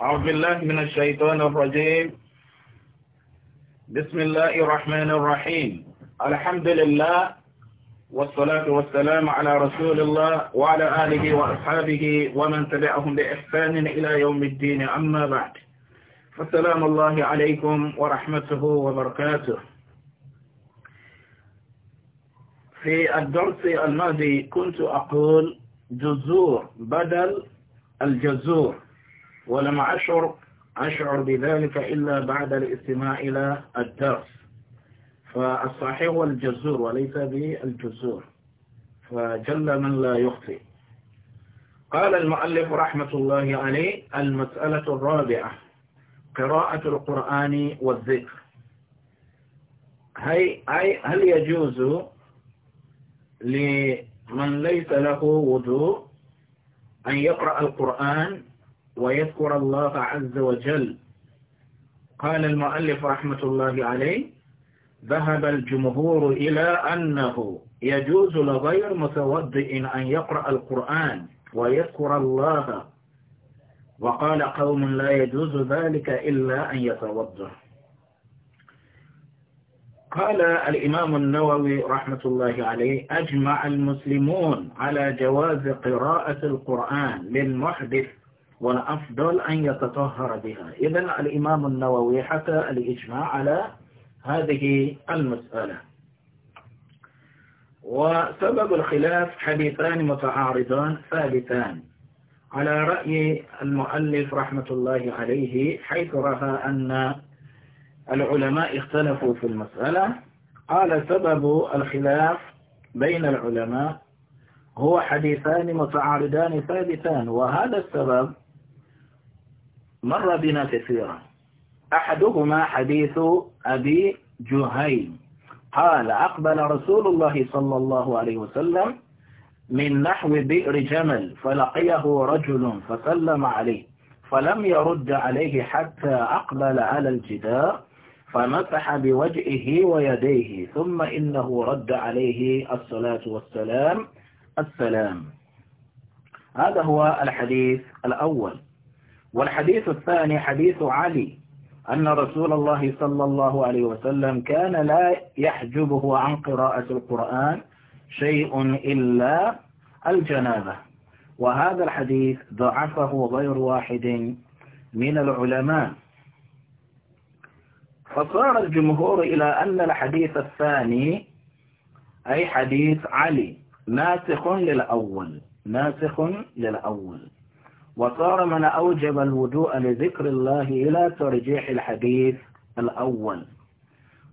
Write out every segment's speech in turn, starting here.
أعوذ بالله من الشيطان الرجيم بسم الله الرحمن الرحيم الحمد لله والصلاة والسلام على رسول الله وعلى آله وأصحابه ومن تبعهم بإحسان إلى يوم الدين أما بعد فالسلام الله عليكم ورحمته وبركاته في الدرس الماضي كنت أقول جزور بدل الجزور ولم أشعر أشعر بذلك إلا بعد الاستماع إلى الدرس فالصحيح الجزور وليس بالجزور فجل من لا يخطئ قال المؤلف رحمة الله عليه المسألة الرابعة قراءة القرآن والذكر هي أي هل يجوز لمن ليس له وضوء أن يقرأ القرآن ويذكر الله عز وجل قال المؤلف رحمة الله عليه ذهب الجمهور إلى أنه يجوز لغير متوضئ أن يقرأ القرآن ويذكر الله وقال قوم لا يجوز ذلك إلا أن يتوضأ قال الإمام النووي رحمة الله عليه أجمع المسلمون على جواز قراءة القرآن للمحدث والأفضل أن يتطهر بها إذا الإمام النووي حتى الإجماع على هذه المسألة وسبب الخلاف حديثان متعارضان ثابتان على رأي المؤلف رحمة الله عليه حيث رأى أن العلماء اختلفوا في المسألة قال سبب الخلاف بين العلماء هو حديثان متعارضان ثابتان وهذا السبب مر بنا كثيرا أحدهما حديث أبي جهيم قال أقبل رسول الله صلى الله عليه وسلم من نحو بئر جمل فلقيه رجل فسلم عليه فلم يرد عليه حتى أقبل على الجدار فمسح بوجهه ويديه ثم إنه رد عليه الصلاة والسلام السلام هذا هو الحديث الأول والحديث الثاني حديث علي أن رسول الله صلى الله عليه وسلم كان لا يحجبه عن قراءة القرآن شيء إلا الجنابة وهذا الحديث ضعفه غير واحد من العلماء فصار الجمهور إلى أن الحديث الثاني أي حديث علي ناسخ للأول ناسخ للأول وطالما أوجب الوضوء لذكر الله إلى ترجيح الحديث الأول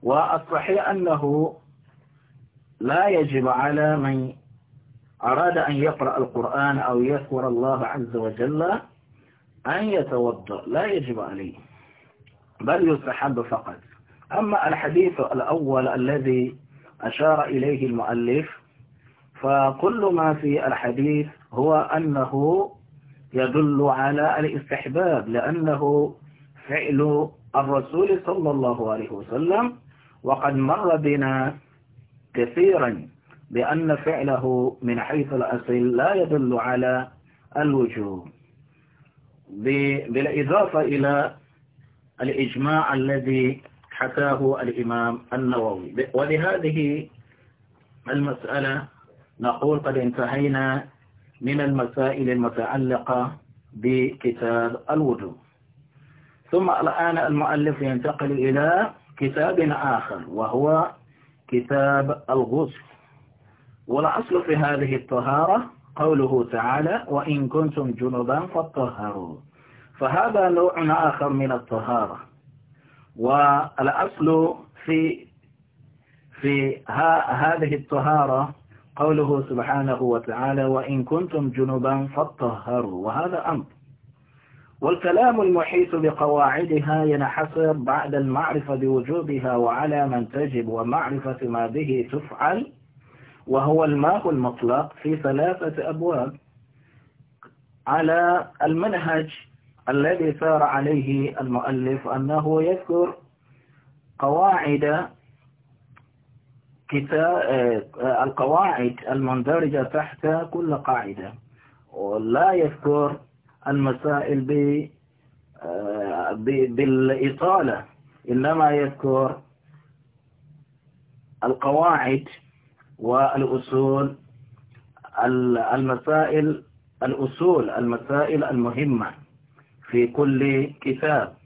والصحيح أنه لا يجب على من أراد أن يقرأ القرآن أو يذكر الله عز وجل أن يتوضأ لا يجب عليه بل يستحب فقط أما الحديث الأول الذي أشار إليه المؤلف فكل ما في الحديث هو أنه يدل على الاستحباب لأنه فعل الرسول صلى الله عليه وسلم وقد مر بنا كثيرا بأن فعله من حيث الأصل لا يدل على الوجوب بالإضافة إلى الإجماع الذي حكاه الإمام النووي ولهذه المسألة نقول قد انتهينا من المسائل المتعلقة بكتاب الوضوء ثم الآن المؤلف ينتقل إلى كتاب آخر وهو كتاب الغسل والأصل في هذه الطهارة قوله تعالى وإن كنتم جنبا فطهروا فهذا نوع آخر من الطهارة والأصل في في هذه الطهارة قوله سبحانه وتعالى وإن كنتم جنبا فطهروا وهذا أمر والكلام المحيط بقواعدها ينحصر بعد المعرفة بوجوبها وعلى من تجب ومعرفة ما به تفعل وهو الماء المطلق في ثلاثة أبواب على المنهج الذي سار عليه المؤلف أنه يذكر قواعد آه، القواعد المندرجة تحت كل قاعدة ولا يذكر المسائل آه، بالإطالة إنما يذكر القواعد والأصول المسائل الأصول المسائل المهمة في كل كتاب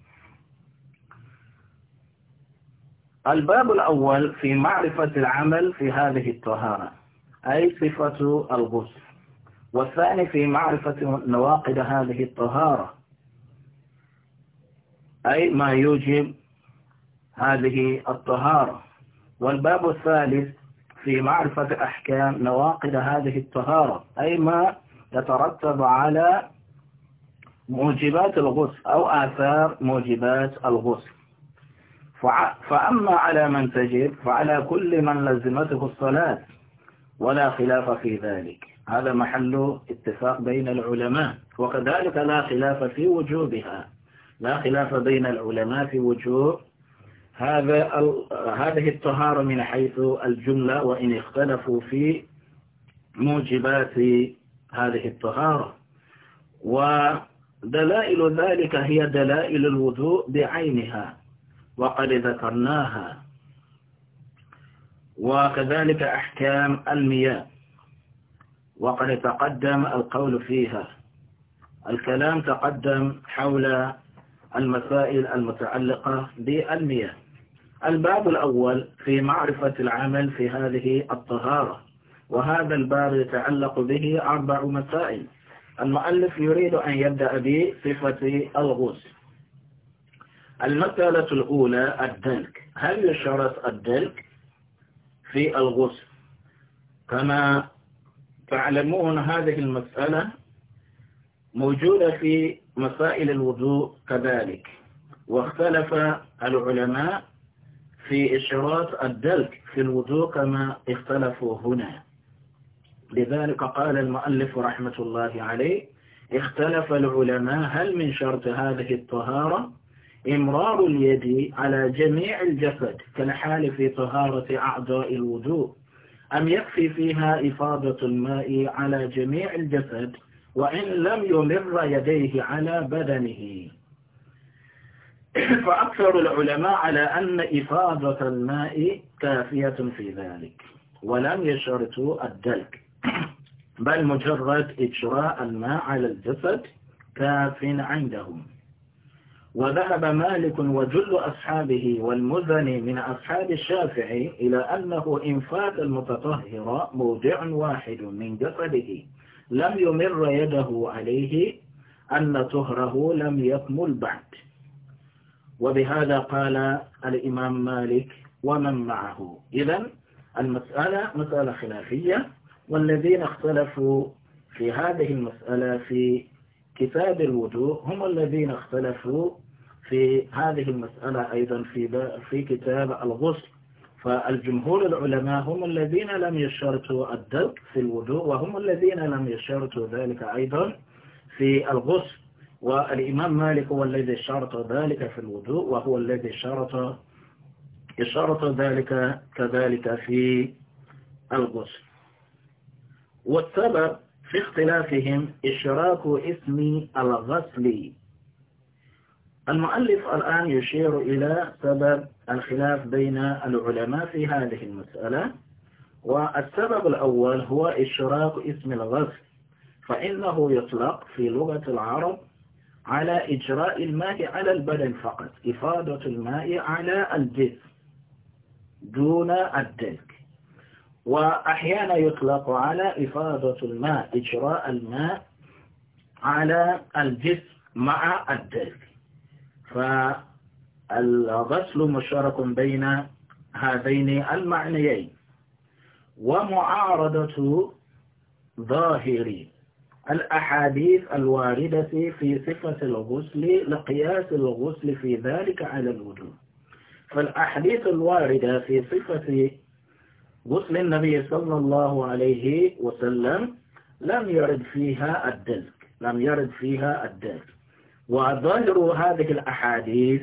الباب الأول في معرفة العمل في هذه الطهارة أي صفة الغسل والثاني في معرفة نواقض هذه الطهارة أي ما يوجب هذه الطهارة والباب الثالث في معرفة أحكام نواقض هذه الطهارة أي ما يترتب على موجبات الغسل أو آثار موجبات الغسل فأما على من تجب فعلى كل من لزمته الصلاة ولا خلاف في ذلك هذا محل اتفاق بين العلماء وكذلك لا خلاف في وجوبها لا خلاف بين العلماء في وجوب هذا هذه الطهارة من حيث الجملة وإن اختلفوا في موجبات هذه الطهارة ودلائل ذلك هي دلائل الوضوء بعينها وقد ذكرناها وكذلك أحكام المياه وقد تقدم القول فيها الكلام تقدم حول المسائل المتعلقة بالمياه الباب الأول في معرفة العمل في هذه الطهارة وهذا الباب يتعلق به أربع مسائل المؤلف يريد أن يبدأ بصفة الغسل المسألة الأولى الدلك هل يشرط الدلك في الغسل كما تعلمون هذه المسألة موجودة في مسائل الوضوء كذلك واختلف العلماء في إشراط الدلك في الوضوء كما اختلفوا هنا لذلك قال المؤلف رحمة الله عليه اختلف العلماء هل من شرط هذه الطهارة إمرار اليد على جميع الجسد كالحال في طهارة أعضاء الوضوء أم يكفي فيها إفاضة الماء على جميع الجسد وإن لم يمر يديه على بدنه فأكثر العلماء على أن إفاضة الماء كافية في ذلك ولم يشرطوا الدلك بل مجرد إجراء الماء على الجسد كاف عندهم وذهب مالك وجل أصحابه والمزني من أصحاب الشافعي إلى أنه إن فات المتطهر موضع واحد من جسده لم يمر يده عليه أن طهره لم يكمل بعد وبهذا قال الإمام مالك ومن معه إذا المسألة مسألة خلافية والذين اختلفوا في هذه المسألة في كتاب الوضوء هم الذين اختلفوا في هذه المسألة أيضا في في كتاب الغسل فالجمهور العلماء هم الذين لم يشترطوا الدلك في الوضوء وهم الذين لم يشترطوا ذلك أيضا في الغسل والإمام مالك هو الذي شرط ذلك في الوضوء وهو الذي شرط شرط ذلك كذلك في الغسل والسبب في اختلافهم إشراك اسم الغسل المؤلف الآن يشير إلى سبب الخلاف بين العلماء في هذه المسألة والسبب الأول هو إشراق اسم الغسل فإنه يطلق في لغة العرب على إجراء الماء على البدن فقط إفادة الماء على الجسم دون الدلك وأحيانا يطلق على إفادة الماء إجراء الماء على الجسم مع الدلك فالغسل مشترك بين هذين المعنيين ومعارضة ظاهر الأحاديث الواردة في صفة الغسل لقياس الغسل في ذلك على الوجوب فالأحاديث الواردة في صفة غسل النبي صلى الله عليه وسلم لم يرد فيها الدلك لم يرد فيها الدلك وظاهر هذه الأحاديث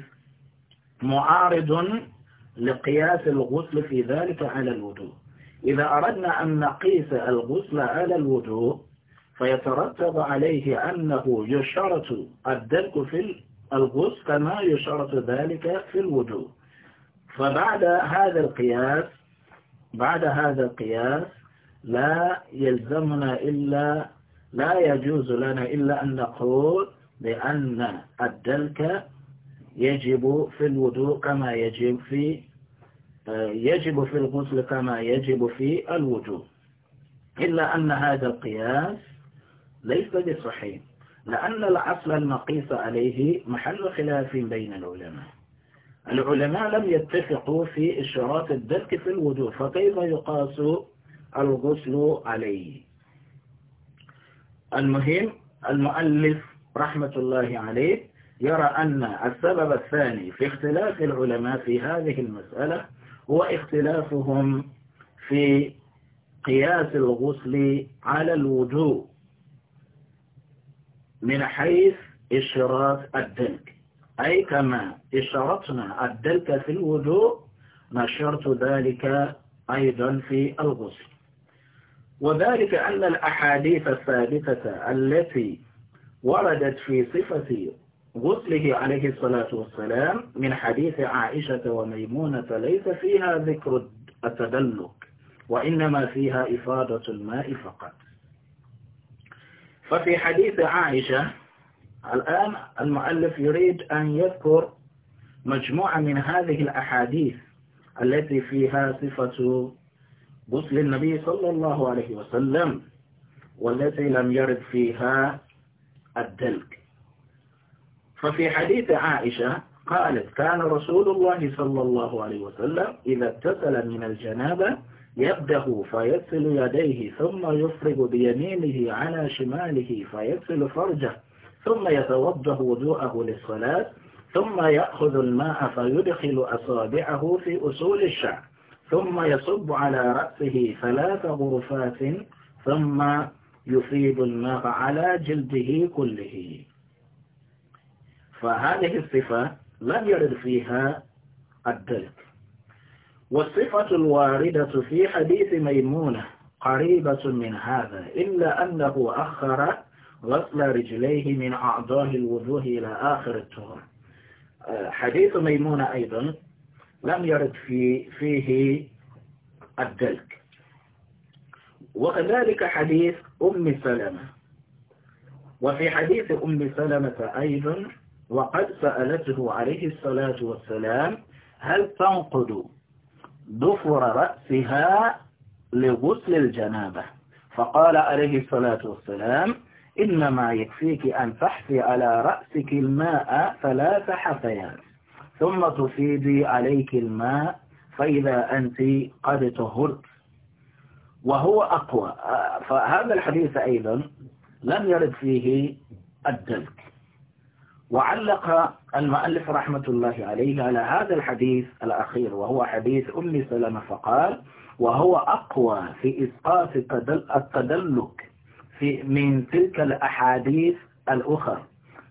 معارض لقياس الغسل في ذلك على الوضوء إذا أردنا أن نقيس الغسل على الوضوء فيترتب عليه أنه يشرط الدلك في الغسل كما يشرط ذلك في الوضوء فبعد هذا القياس بعد هذا القياس لا يلزمنا إلا لا يجوز لنا إلا أن نقول لأن الدلك يجب في الوضوء كما يجب في يجب في الغسل كما يجب في الوضوء إلا أن هذا القياس ليس بصحيح لأن العصل المقيس عليه محل خلاف بين العلماء العلماء لم يتفقوا في إشارات الدلك في الوضوء فكيف يقاس الغسل عليه المهم المؤلف رحمة الله عليه يرى أن السبب الثاني في اختلاف العلماء في هذه المسألة هو اختلافهم في قياس الغسل على الوجوه من حيث إشراط الدلك أي كما إشرطنا الدلك في الوجوه نشرت ذلك أيضا في الغسل وذلك أن الأحاديث الثابتة التي وردت في صفة غسله عليه الصلاة والسلام من حديث عائشة وميمونة ليس فيها ذكر التدلك وإنما فيها إفادة الماء فقط ففي حديث عائشة الآن المؤلف يريد أن يذكر مجموعة من هذه الأحاديث التي فيها صفة غسل النبي صلى الله عليه وسلم والتي لم يرد فيها الدلك ففي حديث عائشة قالت كان رسول الله صلى الله عليه وسلم إذا اتصل من الجنابة يبدأ فيغسل يديه ثم يفرغ بيمينه على شماله فيغسل فرجه ثم يتوضأ وضوءه للصلاة ثم يأخذ الماء فيدخل أصابعه في أصول الشعر ثم يصب على رأسه ثلاث غرفات ثم يصيب النار على جلده كله فهذه الصفة لم يرد فيها الدلك والصفة الواردة في حديث ميمونة قريبة من هذا إلا أنه أخر غسل رجليه من أعضاء الوضوء إلى آخر التور حديث ميمونة أيضا لم يرد في فيه الدلك وكذلك حديث أم سلمة وفي حديث أم سلمة أيضا وقد سألته عليه الصلاة والسلام هل تنقض ضفر رأسها لغسل الجنابة فقال عليه الصلاة والسلام إنما يكفيك أن تحفي على رأسك الماء ثلاث حفيات ثم تفيدي عليك الماء فإذا أنت قد تهرت وهو أقوى فهذا الحديث أيضا لم يرد فيه الدلك وعلق المؤلف رحمة الله عليه على هذا الحديث الأخير وهو حديث أم سلمة فقال وهو أقوى في إسقاط التدلك في من تلك الأحاديث الأخر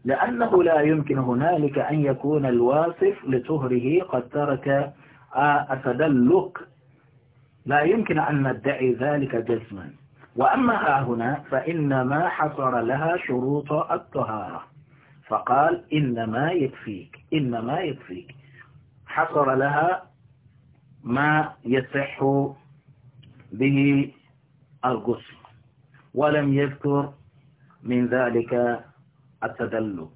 لأنه لا يمكن هنالك أن يكون الواصف لطهره قد ترك آه، التدلك لا يمكن أن ندعي ذلك جزما وأما ها هنا فإنما حصر لها شروط الطهارة فقال إنما يكفيك إنما يكفيك حصر لها ما يصح به الغسل ولم يذكر من ذلك التدلك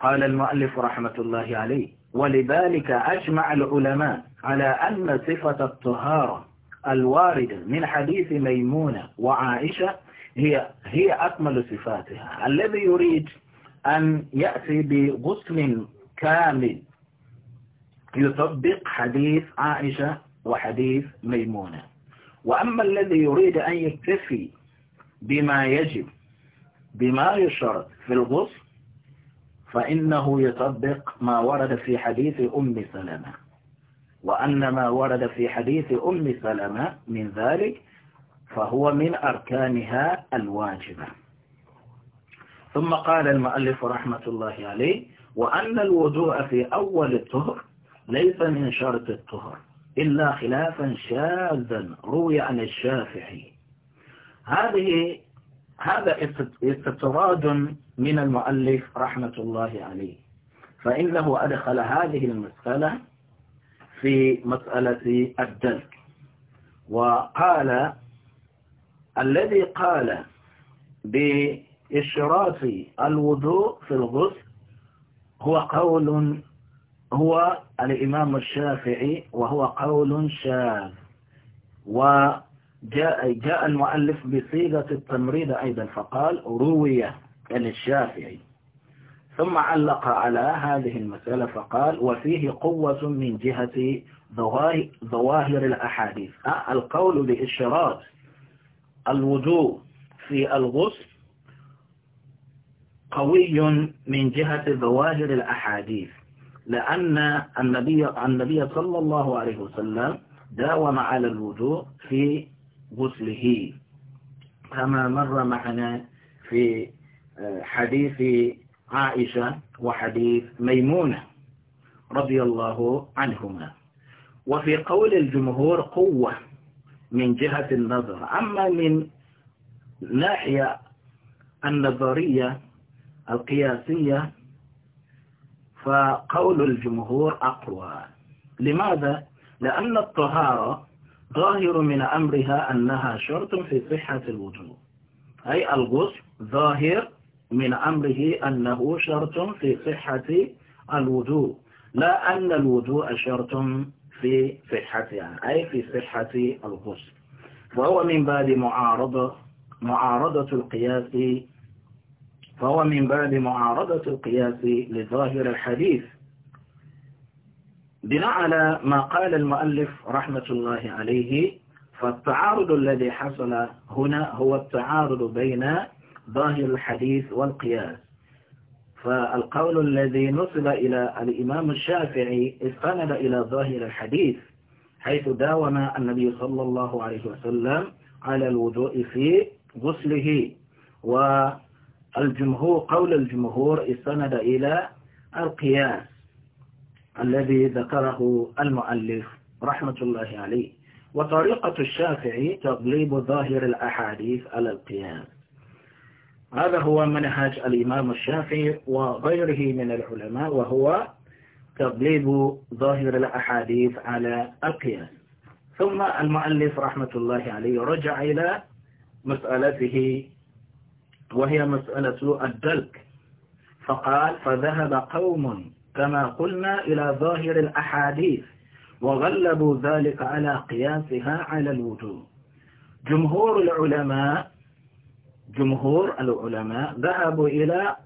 قال المؤلف رحمة الله عليه ولذلك أجمع العلماء على أن صفة الطهارة الواردة من حديث ميمونة وعائشة هي هي أكمل صفاتها الذي يريد أن يأتي بغسل كامل يطبق حديث عائشة وحديث ميمونة وأما الذي يريد أن يكتفي بما يجب بما يشرط في الغسل فإنه يطبق ما ورد في حديث أم سلمة وأن ما ورد في حديث أم سلمة من ذلك فهو من أركانها الواجبة ثم قال المؤلف رحمة الله عليه وأن الوضوء في أول الطهر ليس من شرط الطهر إلا خلافا شاذا روي عن الشافعي هذه هذا استطراد من المؤلف رحمة الله عليه فإنه أدخل هذه المسألة في مسألة الدلك وقال الذي قال بإشراف الوضوء في الغسل هو قول هو الإمام الشافعي وهو قول شاذ وجاء جاء المؤلف بصيغة التمريض أيضا فقال روية عن يعني الشافعي ثم علق على هذه المسألة فقال وفيه قوة من جهة ظواهر الأحاديث آه، القول بإشراط الوجوه في الغسل قوي من جهة ظواهر الأحاديث لأن النبي, النبي صلى الله عليه وسلم داوم على الوجوه في غسله كما مر معنا في آه، حديث عائشة وحديث ميمونة رضي الله عنهما وفي قول الجمهور قوة من جهة النظر أما من ناحية النظرية القياسية فقول الجمهور أقوى لماذا؟ لأن الطهارة ظاهر من أمرها أنها شرط في صحة الوجود أي الغسل ظاهر من أمره أنه شرط في صحة الوضوء لا أن الوضوء شرط في صحتها أي في صحة الغسل وهو من باب معارضة معارضة القياس فهو من باب معارضة القياس لظاهر الحديث بناء على ما قال المؤلف رحمة الله عليه فالتعارض الذي حصل هنا هو التعارض بين ظاهر الحديث والقياس فالقول الذي نصب إلى الإمام الشافعي استند إلى ظاهر الحديث حيث داوم النبي صلى الله عليه وسلم على الوضوء في غسله والجمهور قول الجمهور استند إلى القياس الذي ذكره المؤلف رحمة الله عليه وطريقة الشافعي تغليب ظاهر الأحاديث على القياس هذا هو منهج الإمام الشافعي وغيره من العلماء وهو تضليب ظاهر الأحاديث على القياس ثم المؤلف رحمة الله عليه رجع إلى مسألته وهي مسألة الدلك فقال فذهب قوم كما قلنا إلى ظاهر الأحاديث وغلبوا ذلك على قياسها على الوجوه جمهور العلماء جمهور العلماء ذهبوا إلى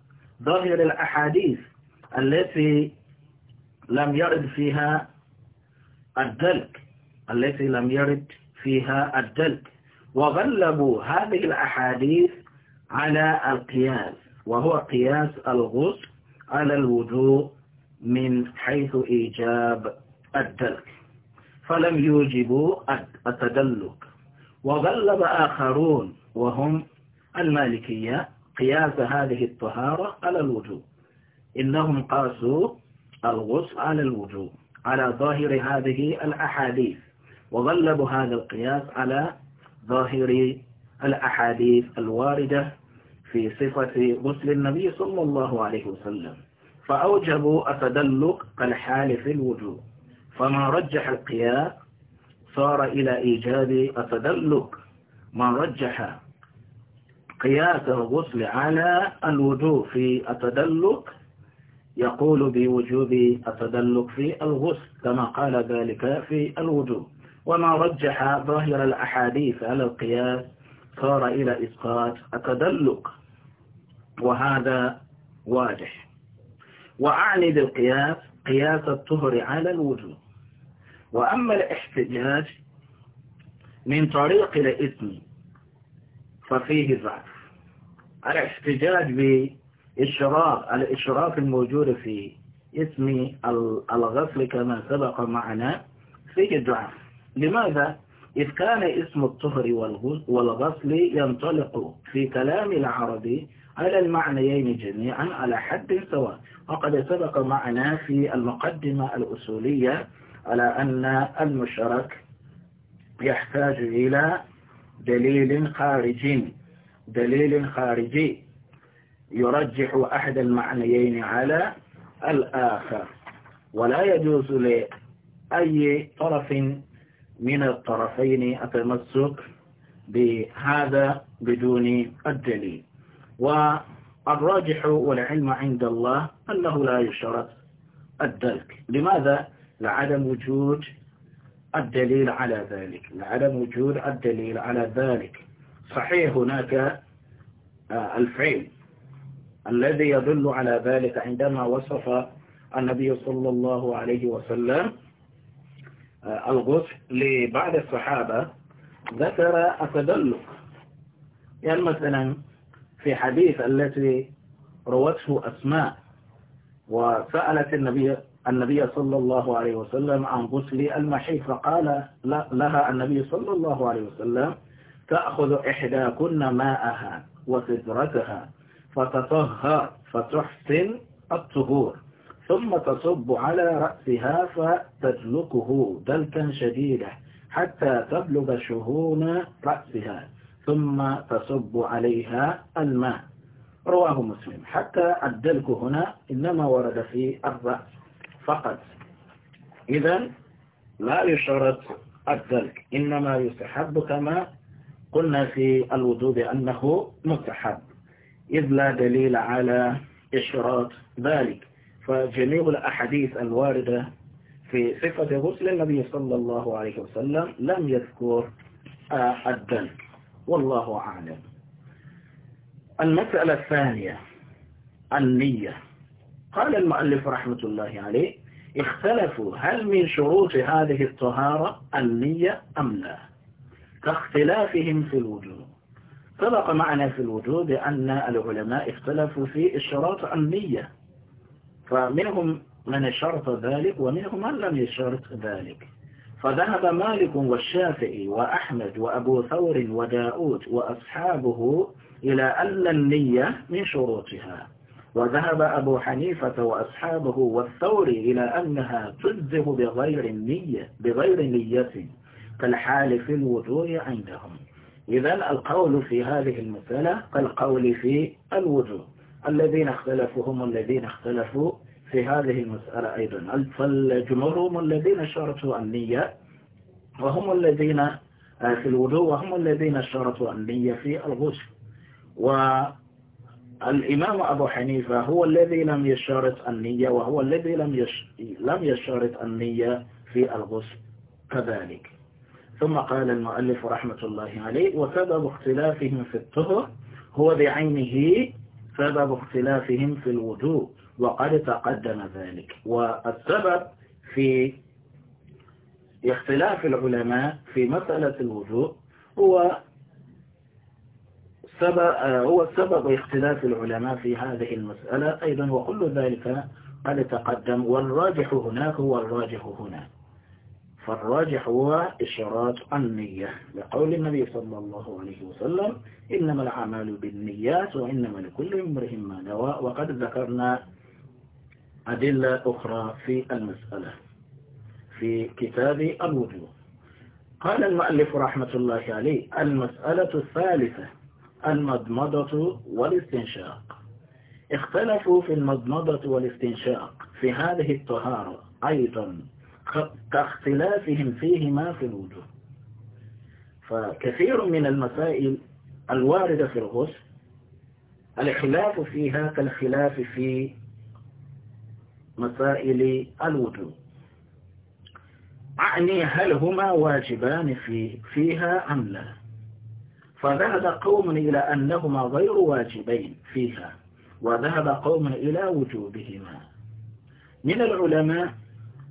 ظاهر الأحاديث التي لم يرد فيها الدلك التي لم يرد فيها الدلك وغلبوا هذه الأحاديث على القياس وهو قياس الغسل على الوضوء من حيث إيجاب الدلك فلم يوجبوا التدلك وغلب آخرون وهم المالكية قياس هذه الطهارة على الوجوب إنهم قاسوا الغسل على الوجوب على ظاهر هذه الأحاديث وغلبوا هذا القياس على ظاهر الأحاديث الواردة في صفة غسل النبي صلى الله عليه وسلم فأوجبوا التدلق كالحال في الوجوب فما رجح القياس صار إلى إيجاب التدلق ما رجح قياس الغسل على الوجوه في التدلك يقول بوجوب التدلك في الغسل كما قال ذلك في الوجوه وما رجح ظاهر الأحاديث على القياس صار إلى إسقاط التدلك وهذا واضح وأعني بالقياس قياس الطهر على الوجوه وأما الاحتجاج من طريق الإثم ففيه ضعف الاحتجاج بالإشراف الإشراف الموجود في اسم الغسل كما سبق معنا في الدعاء لماذا؟ إذ كان اسم الطهر والغسل ينطلق في كلام العربي على المعنيين جميعا على حد سواء وقد سبق معنا في المقدمة الأصولية على أن المشرك يحتاج إلى دليل خارجي دليل خارجي يرجح أحد المعنيين على الآخر ولا يجوز لأي طرف من الطرفين التمسك بهذا بدون الدليل والراجح والعلم عند الله أنه لا يشرط الدلك لماذا؟ لعدم وجود الدليل على ذلك لعدم وجود الدليل على ذلك صحيح هناك آه، الفعل الذي يدل على ذلك عندما وصف النبي صلى الله عليه وسلم آه، الغسل لبعض الصحابة ذكر التدلك يعني مثلا في حديث التي روته أسماء وسألت النبي النبي صلى الله عليه وسلم عن غسل المحيط فقال لها النبي صلى الله عليه وسلم تأخذ إحداكن ماءها وفدرتها فتطهر فتحسن الطهور ثم تصب على رأسها فتدلكه دلكا شديدا حتى تبلغ شهون رأسها ثم تصب عليها الماء رواه مسلم حتى الدلك هنا إنما ورد في الرأس فقط إذا لا يشرط الدلك إنما يستحب كما قلنا في الوضوء بأنه مستحب إذ لا دليل على إشراط ذلك فجميع الأحاديث الواردة في صفة غسل النبي صلى الله عليه وسلم لم يذكر الدم والله أعلم المسألة الثانية النية قال المؤلف رحمة الله عليه اختلفوا هل من شروط هذه الطهارة النية أم لا كاختلافهم في الوجود سبق معنا في الوجود أن العلماء اختلفوا في الشراط النية فمنهم من شرط ذلك ومنهم من لم يشرط ذلك فذهب مالك والشافعي وأحمد وأبو ثور وداود وأصحابه إلى أن النية من شروطها وذهب أبو حنيفة وأصحابه والثوري إلى أنها تجزه بغير النية بغير نية كالحال في الوجوه عندهم إذا القول في هذه المسألة كالقول في الوجوه الذين اختلفوا هم الذين اختلفوا في هذه المسألة أيضا فالجمهور هم الذين شرطوا النية وهم الذين في الوضوء وهم الذين شرطوا النية في الغسل والإمام أبو حنيفة هو الذي لم يشارط النية وهو الذي لم لم يشارط النية في الغسل كذلك ثم قال المؤلف رحمة الله عليه وسبب اختلافهم في الطهر هو بعينه سبب اختلافهم في الوجوب وقد تقدم ذلك والسبب في اختلاف العلماء في مسألة الوجوب هو سبب هو سبب اختلاف العلماء في هذه المسألة أيضا وكل ذلك قد تقدم والراجح هناك هو الراجح هناك فالراجح هو إشارات النية لقول النبي صلى الله عليه وسلم إنما الأعمال بالنيات وإنما لكل عمره ما نوى وقد ذكرنا أدلة أخرى في المسألة في كتاب الوجوه قال المؤلف رحمة الله عليه المسألة الثالثة المضمضة والاستنشاق اختلفوا في المضمضة والاستنشاق في هذه الطهارة أيضا كاختلافهم فيهما في الوجوه فكثير من المسائل الواردة في الغسل الخلاف فيها كالخلاف في مسائل الوجوه أعني هل هما واجبان في فيها أم لا فذهب قوم إلى أنهما غير واجبين فيها وذهب قوم إلى وجوبهما من العلماء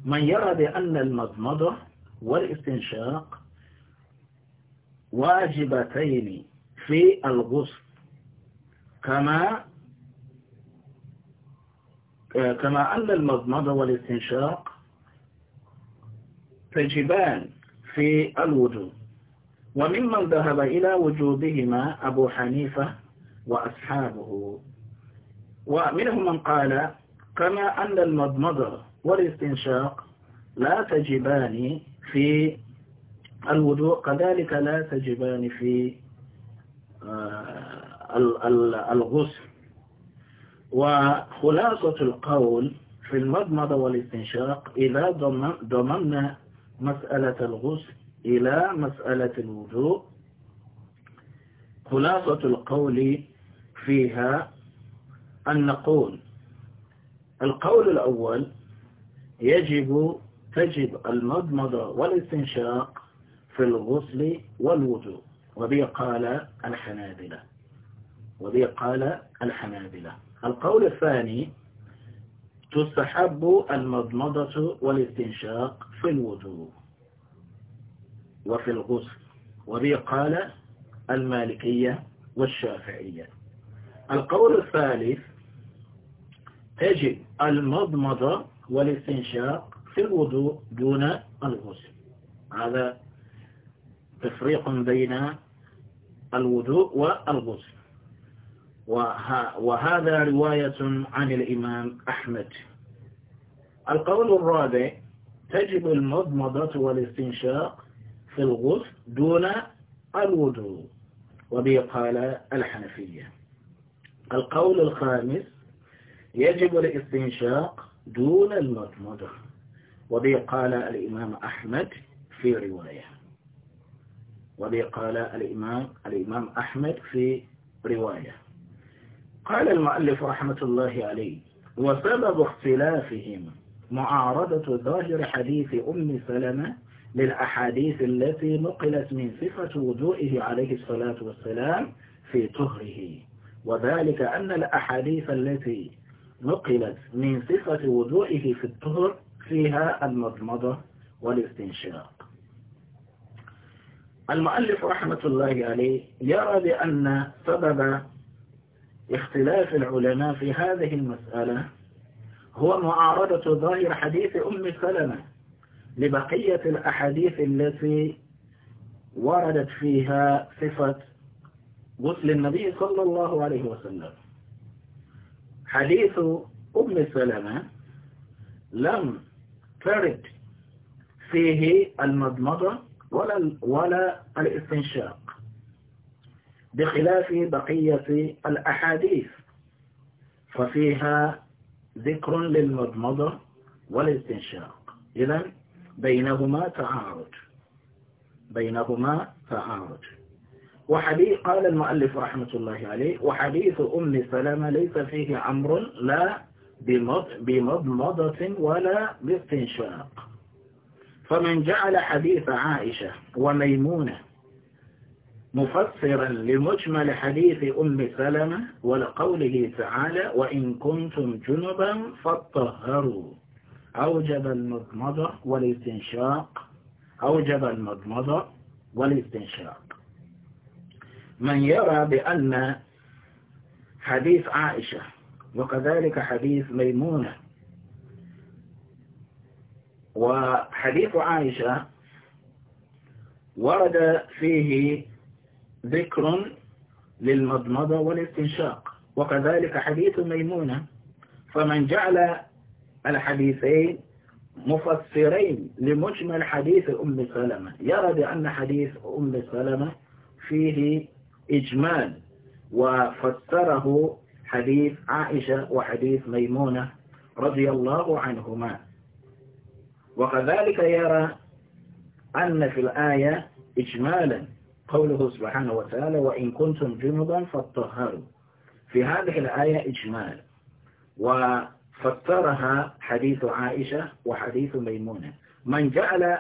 من يرى بأن المضمضة والاستنشاق واجبتين في الغسل كما كما أن المضمضة والاستنشاق تجبان في الوجود وممن ذهب إلى وجودهما أبو حنيفة وأصحابه ومنهم من قال كما أن المضمضة والاستنشاق لا تجبان في الوضوء كذلك لا تجبان في آه، الغسل وخلاصة القول في المضمضة والاستنشاق إذا ضممنا مسألة الغسل إلى مسألة الوضوء خلاصة القول فيها أن نقول القول الأول يجب تجب المضمضة والاستنشاق في الغسل والوضوء وبي قال الحنابلة وبي قال الحنابلة القول الثاني تستحب المضمضة والاستنشاق في الوضوء وفي الغسل وبي قال المالكية والشافعية القول الثالث تجب المضمضة والاستنشاق في الوضوء دون الغسل هذا تفريق بين الوضوء والغسل وهذا رواية عن الإمام أحمد القول الرابع تجب المضمضة والاستنشاق في الغسل دون الوضوء وبه قال الحنفية القول الخامس يجب الاستنشاق دون المضمضة وذي قال الإمام أحمد في رواية وذي قال الإمام, الإمام أحمد في رواية قال المؤلف رحمة الله عليه وسبب اختلافهم معارضة ظاهر حديث أم سلمة للأحاديث التي نقلت من صفة وضوئه عليه الصلاة والسلام في طهره وذلك أن الأحاديث التي نقلت من صفة وضوئه في الطهر فيها المضمضة والاستنشاق المؤلف رحمة الله عليه يرى بأن سبب اختلاف العلماء في هذه المسألة هو معارضة ظاهر حديث أم سلمة لبقية الأحاديث التي وردت فيها صفة غسل النبي صلى الله عليه وسلم حديث أم سلمة لم ترد فيه المضمضة ولا, ولا الاستنشاق بخلاف بقية الأحاديث ففيها ذكر للمضمضة والاستنشاق إذا بينهما تعارض بينهما تعارض وحديث قال المؤلف رحمة الله عليه وحديث أم سلمة ليس فيه أمر لا بمضمضة ولا باستنشاق فمن جعل حديث عائشة وميمونة مفسرا لمجمل حديث أم سلمة ولقوله تعالى وإن كنتم جنبا فاطهروا أوجب المضمضة والاستنشاق أوجب المضمضة والاستنشاق من يرى بأن حديث عائشة وكذلك حديث ميمونة وحديث عائشة ورد فيه ذكر للمضمضة والاستنشاق وكذلك حديث ميمونة فمن جعل الحديثين مفسرين لمجمل حديث أم سلمة يرى بأن حديث أم سلمة فيه إجمال وفسره حديث عائشة وحديث ميمونة رضي الله عنهما وكذلك يرى أن في الآية إجمالا قوله سبحانه وتعالى وإن كنتم جنبا فاتطهروا في هذه الآية إجمال وفسرها حديث عائشة وحديث ميمونة من جعل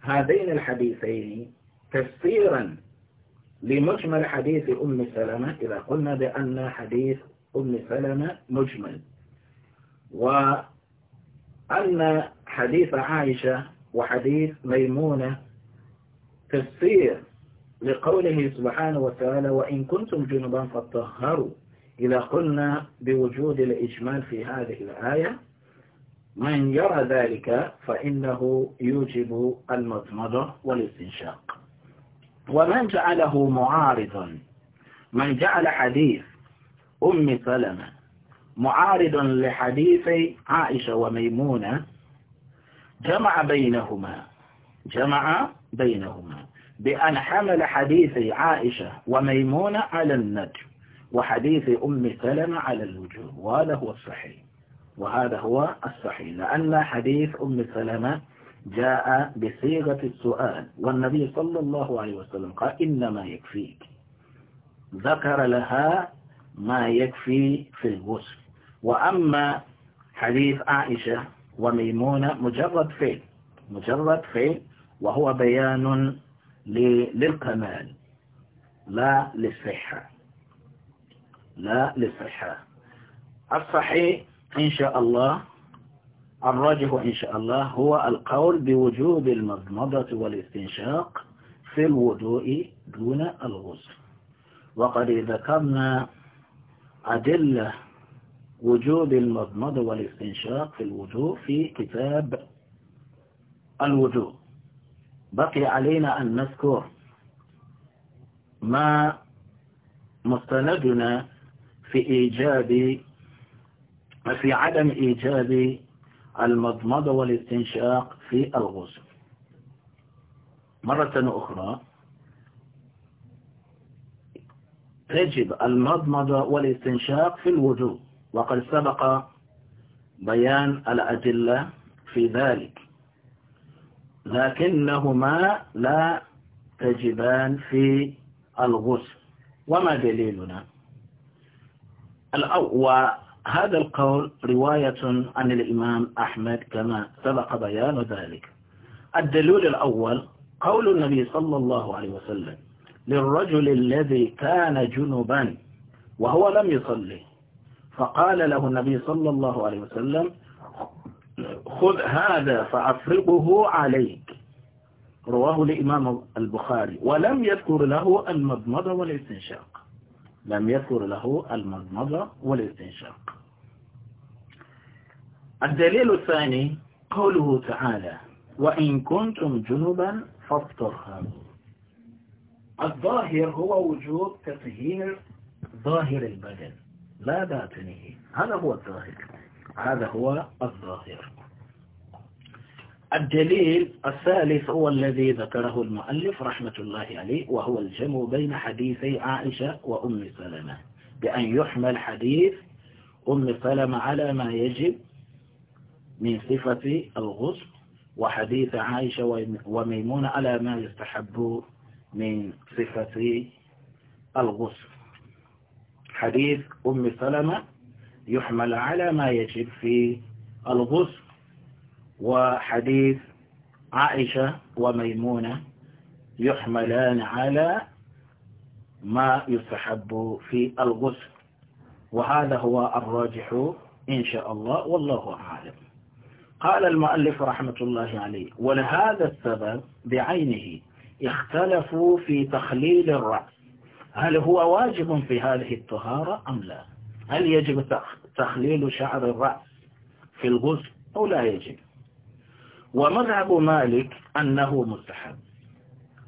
هذين الحديثين تفسيرا لمجمل حديث أم سلمة إذا قلنا بأن حديث أم سلمة مجمل وأن حديث عائشة وحديث ميمونة تفسير لقوله سبحانه وتعالى وإن كنتم جنبا فطهروا إذا قلنا بوجود الإجمال في هذه الآية من يرى ذلك فإنه يوجب المضمضة والاستنشاق ومن جعله معارضا من جعل حديث أم سلمة معارضا لحديث عائشة وميمونة جمع بينهما جمع بينهما بأن حمل حديث عائشة وميمونة على النجم وحديث أم سلمة على الوجوه وهذا هو الصحيح وهذا هو الصحيح لأن حديث أم سلمة جاء بصيغة السؤال والنبي صلى الله عليه وسلم قال إنما يكفيك ذكر لها ما يكفي في الغسل وأما حديث عائشة وميمونة مجرد فعل مجرد فعل وهو بيان للكمال لا للصحة لا للصحة الصحيح إن شاء الله الراجح إن شاء الله هو القول بوجوب المضمضة والاستنشاق في الوضوء دون الغسل وقد ذكرنا أدلة وجوب المضمضة والاستنشاق في الوضوء في كتاب الوضوء بقي علينا أن نذكر ما مستندنا في إيجاب في عدم إيجاب المضمضة والاستنشاق في الغسل مرة أخرى تجب المضمضة والاستنشاق في الوضوء وقد سبق بيان الأدلة في ذلك لكنهما لا تجبان في الغسل وما دليلنا الأول هذا القول رواية عن الإمام أحمد كما سبق بيان ذلك الدليل الأول قول النبي صلى الله عليه وسلم للرجل الذي كان جنبا وهو لم يصلي فقال له النبي صلى الله عليه وسلم خذ هذا فأفرقه عليك رواه الإمام البخاري ولم يذكر له المضمضة والاستنشاق لم يذكر له المضمضة والاستنشاق الدليل الثاني قوله تعالى وإن كنتم جنبا فاطهروا الظاهر هو وجوب تطهير ظاهر البدن لا باطنه هذا هو الظاهر هذا هو الظاهر الدليل الثالث هو الذي ذكره المؤلف رحمة الله عليه وهو الجمع بين حديثي عائشة وأم سلمة بأن يحمل حديث أم سلمة على ما يجب من صفة الغسل وحديث عائشة وميمون على ما يستحب من صفة الغسل حديث أم سلمة يحمل على ما يجب في الغسل وحديث عائشة وميمونة يحملان على ما يستحب في الغسل وهذا هو الراجح إن شاء الله والله أعلم قال المؤلف رحمة الله عليه ولهذا السبب بعينه اختلفوا في تخليل الرأس هل هو واجب في هذه الطهارة أم لا هل يجب تخليل شعر الرأس في الغسل أو لا يجب ومذهب مالك أنه مستحب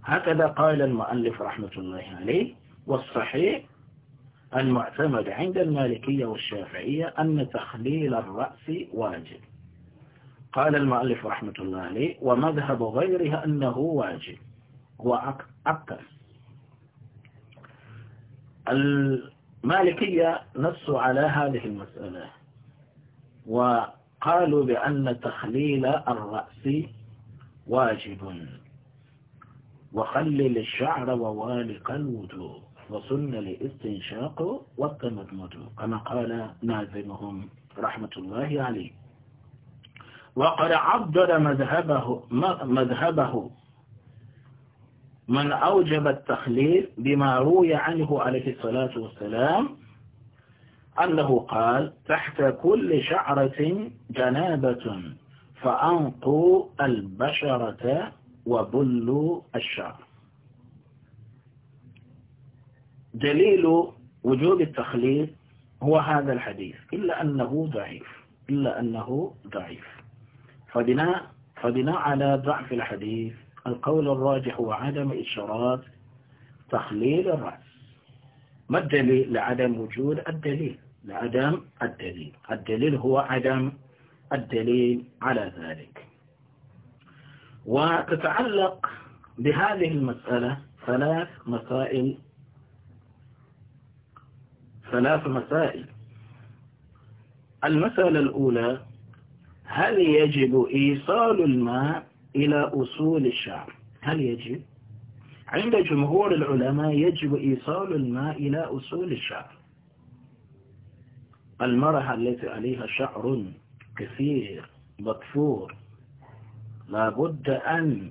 هكذا قال المؤلف رحمة الله عليه والصحيح المعتمد عند المالكية والشافعية أن تخليل الرأس واجب قال المؤلف رحمة الله عليه ومذهب غيرها أنه واجب وأكثر المالكية نصوا على هذه المسألة وقالوا بأن تخليل الرأس واجب وخلل الشعر ووالق الوجوه وسن الاستنشاق والتمدمد كما قال ناظمهم رحمة الله عليه وقد عبر مذهبه مذهبه من أوجب التخليل بما روي عنه عليه الصلاة والسلام أنه قال تحت كل شعرة جنابة فأنقوا البشرة وبلوا الشعر دليل وجوب التخليل هو هذا الحديث إلا أنه ضعيف إلا أنه ضعيف فبناء, فبناء على ضعف الحديث القول الراجح هو عدم إشارات تخليل الرأس ما الدليل لعدم وجود الدليل لعدم الدليل الدليل هو عدم الدليل على ذلك وتتعلق بهذه المسألة ثلاث مسائل ثلاث مسائل المسألة الأولى هل يجب إيصال الماء إلى أصول الشعر هل يجب عند جمهور العلماء يجب إيصال الماء إلى أصول الشعر المرحة التي عليها شعر كثير مطفور لابد أن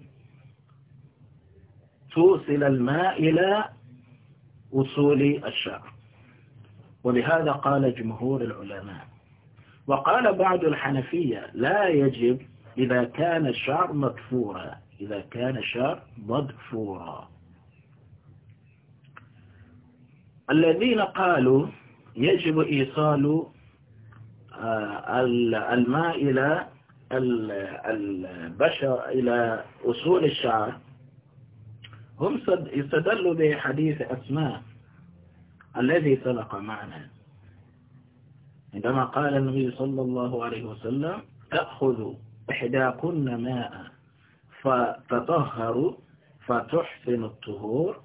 توصل الماء إلى أصول الشعر ولهذا قال جمهور العلماء وقال بعض الحنفية لا يجب إذا كان الشعر مدفورا إذا كان الشعر مدفورا الذين قالوا يجب إيصال آه، الماء إلى البشر إلى أصول الشعر هم يستدلوا بحديث أسماء الذي سبق معنا عندما قال النبي صلى الله عليه وسلم تأخذ إحداكن ماء فتطهر فتحسن الطهور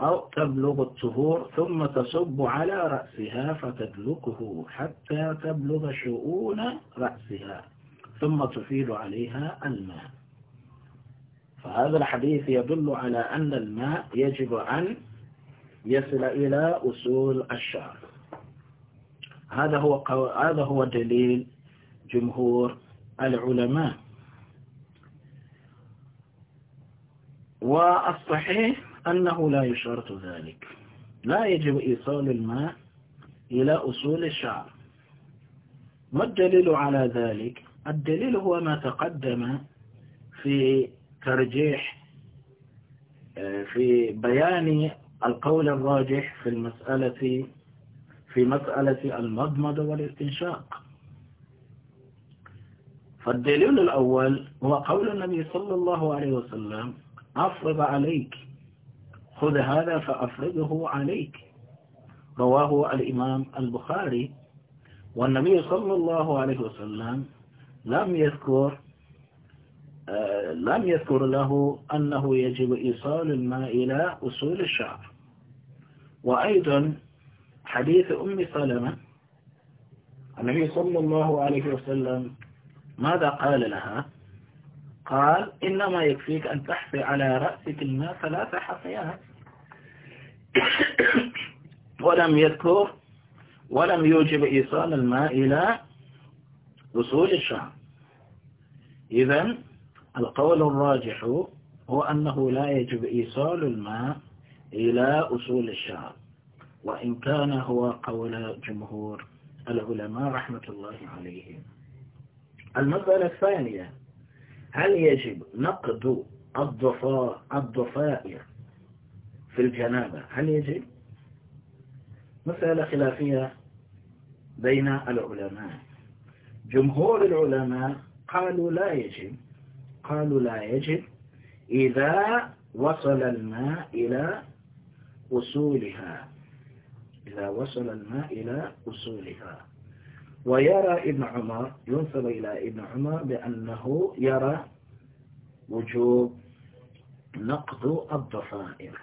أو تبلغ الطهور ثم تصب على رأسها فتدلكه حتى تبلغ شؤون رأسها ثم تفيد عليها الماء فهذا الحديث يدل على أن الماء يجب أن يصل إلى أصول الشعر هذا هو قو... هذا هو دليل جمهور العلماء والصحيح أنه لا يشرط ذلك لا يجب إيصال الماء إلى أصول الشعر ما الدليل على ذلك؟ الدليل هو ما تقدم في ترجيح آه، في بيان القول الراجح في المسألة في مسألة المضمضة والاستنشاق فالدليل الأول هو قول النبي صلى الله عليه وسلم أفرض عليك خذ هذا فأفرضه عليك رواه الإمام البخاري والنبي صلى الله عليه وسلم لم يذكر آه لم يذكر له أنه يجب إيصال الماء إلى أصول الشعر وأيضا حديث أم سلمة النبي صلى الله عليه وسلم ماذا قال لها قال إنما يكفيك أن تحفي على رأسك الماء ثلاث حصيات ولم يذكر ولم يوجب إيصال الماء إلى وصول الشعر إذا القول الراجح هو أنه لا يجب إيصال الماء إلى أصول الشعر وإن كان هو قول جمهور العلماء رحمة الله عليهم المسألة الثانية هل يجب نقد الضفاء الضفائر في الجنابة هل يجب مسألة خلافية بين العلماء جمهور العلماء قالوا لا يجب قالوا لا يجب إذا وصل الماء إلى أصولها إذا وصل الماء إلى أصولها ويرى ابن عمر ينسب إلى ابن عمر بأنه يرى وجوب نقض الضفائر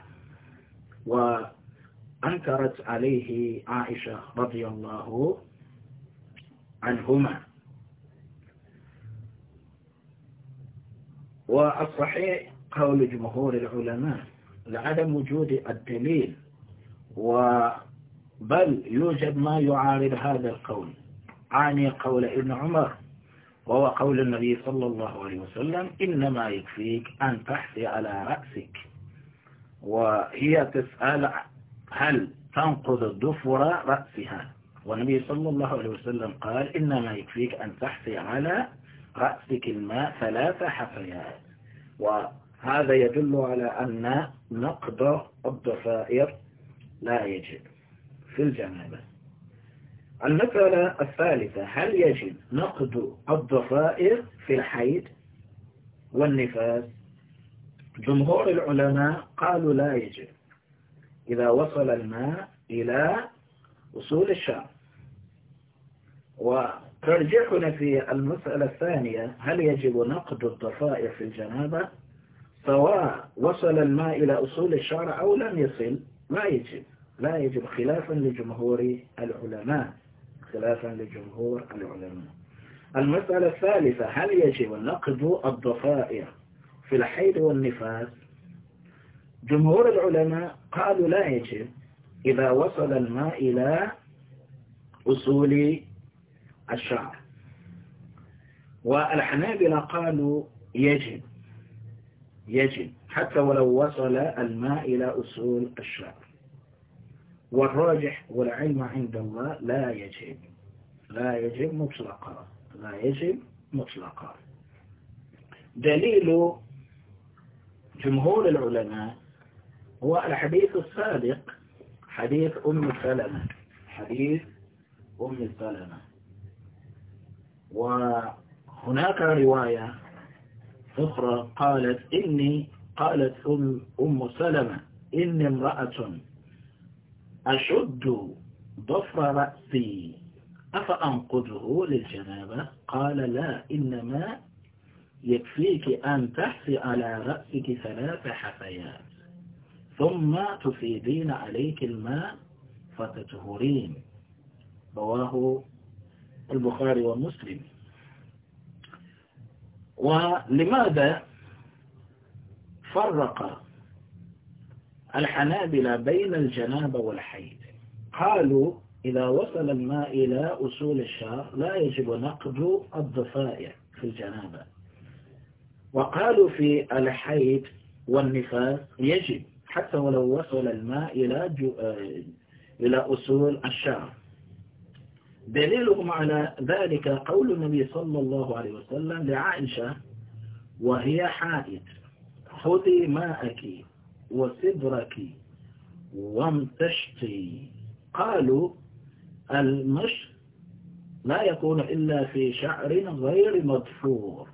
وأنكرت عليه عائشة رضي الله عنهما والصحيح قول جمهور العلماء لعدم وجود الدليل و بل يوجد ما يعارض هذا القول عاني قول ابن عمر وهو قول النبي صلى الله عليه وسلم إنما يكفيك أن تحثي على رأسك وهي تسأل هل تنقض الدفر رأسها والنبي صلى الله عليه وسلم قال إنما يكفيك أن تحثي على رأسك الماء ثلاث حفيات وهذا يدل على أن نقض الضفائر لا يجب في الجنابة المسألة الثالثة هل يجب نقد الضفائر في الحيض والنفاس جمهور العلماء قالوا لا يجب إذا وصل الماء إلى وصول الشعر وترجحنا في المسألة الثانية هل يجب نقد الضفائر في الجنابة سواء وصل الماء إلى أصول الشعر أو لم يصل لا يجب لا يجب خلافا لجمهور العلماء خلافا لجمهور العلماء المسألة الثالثة هل يجب نقض الضفائر في الحيض والنفاس جمهور العلماء قالوا لا يجب إذا وصل الماء إلى أصول الشعر والحنابلة قالوا يجب يجب حتى ولو وصل الماء إلى أصول الشعر والراجح والعلم عند الله لا يجب لا يجب مطلقا لا يجب مطلقا دليل جمهور العلماء هو الحديث السابق حديث أم سلمة حديث أم سلمة وهناك رواية أخرى قالت إني قالت أم, أم سلمة إني امرأة أشد ضفر رأسي أفأنقذه للجنابة قال لا إنما يكفيك أن تحفي على رأسك ثلاث حفيات ثم تفيدين عليك الماء فتتهرين رواه البخاري ومسلم ولماذا فرق الحنابلة بين الجنابة والحيض قالوا إذا وصل الماء إلى أصول الشعر لا يجب نقض الضفائر في الجنابة وقالوا في الحيض والنفاس يجب حتى ولو وصل الماء إلى آه، إلى أصول الشعر دليلهم على ذلك قول النبي صلى الله عليه وسلم لعائشة وهي حائض خذي ماءك وصدرك وامتشطي قالوا المشط لا يكون إلا في شعر غير مدفور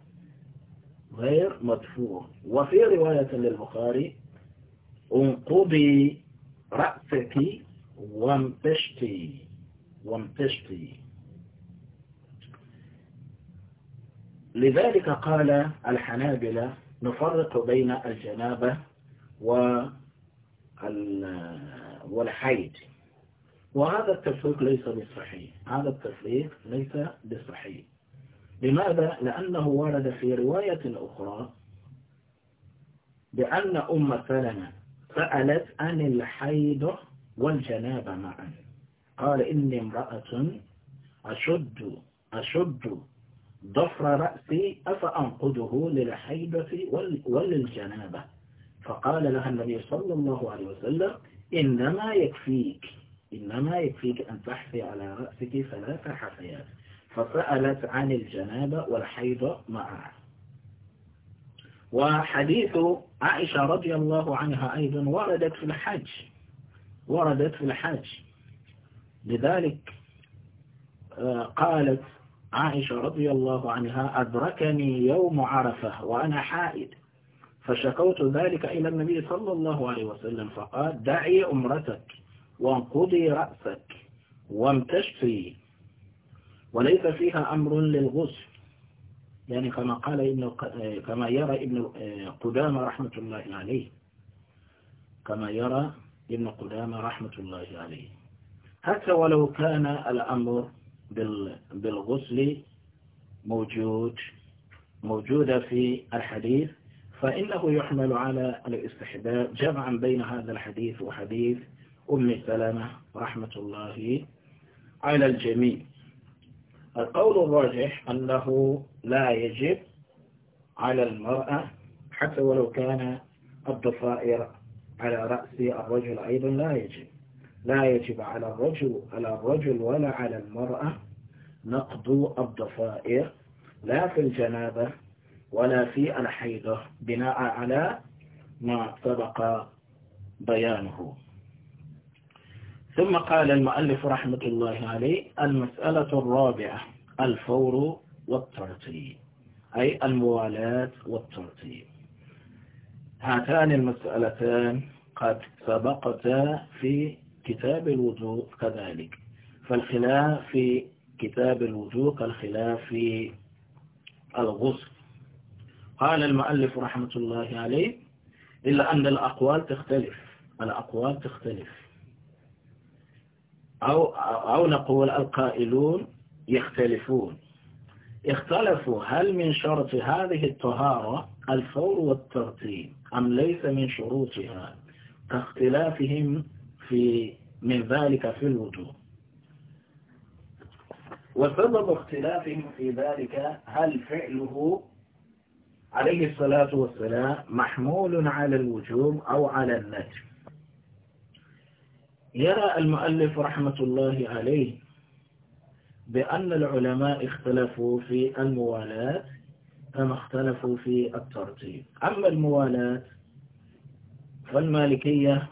غير مدفور وفي رواية للبخاري انقضي رأسك وامتشطي وامتشطي لذلك قال الحنابلة نفرق بين الجنابة والحيد وهذا التفريق ليس بالصحيح هذا التفريق ليس بالصحيح لماذا؟ لأنه ورد في رواية أخرى بأن أم سلمة سألت عن الحيد والجنابة معا قال إني امرأة أشد أشد ضفر رأسي أفأنقذه للحيدة وللجنابة فقال لها النبي صلى الله عليه وسلم إنما يكفيك إنما يكفيك أن تحفي على رأسك ثلاث حفيات فسألت عن الجنابة والحيض معها وحديث عائشة رضي الله عنها أيضا وردت في الحج وردت في الحج لذلك آه، قالت عائشة رضي الله عنها أدركني يوم عرفة وأنا حائد فشكوت ذلك إلى النبي صلى الله عليه وسلم فقال دعي أمرتك وانقضي رأسك وامتشفي وليس فيها أمر للغسل يعني كما قال ابن كما يرى ابن قدامة رحمة الله عليه كما يرى ابن قدامة رحمة الله عليه حتى ولو كان الأمر بالغسل موجود موجودة في الحديث فإنه يحمل على الاستحباب جمعا بين هذا الحديث وحديث أم سلمة رحمة الله على الجميع القول الراجح أنه لا يجب على المرأة حتى ولو كان الضفائر على رأس الرجل أيضا لا يجب لا يجب على الرجل على الرجل ولا على المرأة نقض الضفائر لا في الجنابة ولا في الحيضة بناء على ما سبق بيانه ثم قال المؤلف رحمة الله عليه المسألة الرابعة الفور والترتيب أي الموالاة والترتيب هاتان المسألتان قد سبقتا في كتاب الوضوء كذلك فالخلاف في كتاب الوضوء كالخلاف في الغسل قال المؤلف رحمة الله عليه إلا أن الأقوال تختلف الأقوال تختلف أو, أو نقول القائلون يختلفون اختلفوا هل من شرط هذه الطهارة الفور والترتيب أم ليس من شروطها كاختلافهم في من ذلك في الوضوء وسبب اختلافهم في ذلك هل فعله عليه الصلاة والسلام محمول على الوجوب أو على النجم يرى المؤلف رحمة الله عليه بأن العلماء اختلفوا في الموالاة كما اختلفوا في الترتيب أما الموالاة فالمالكية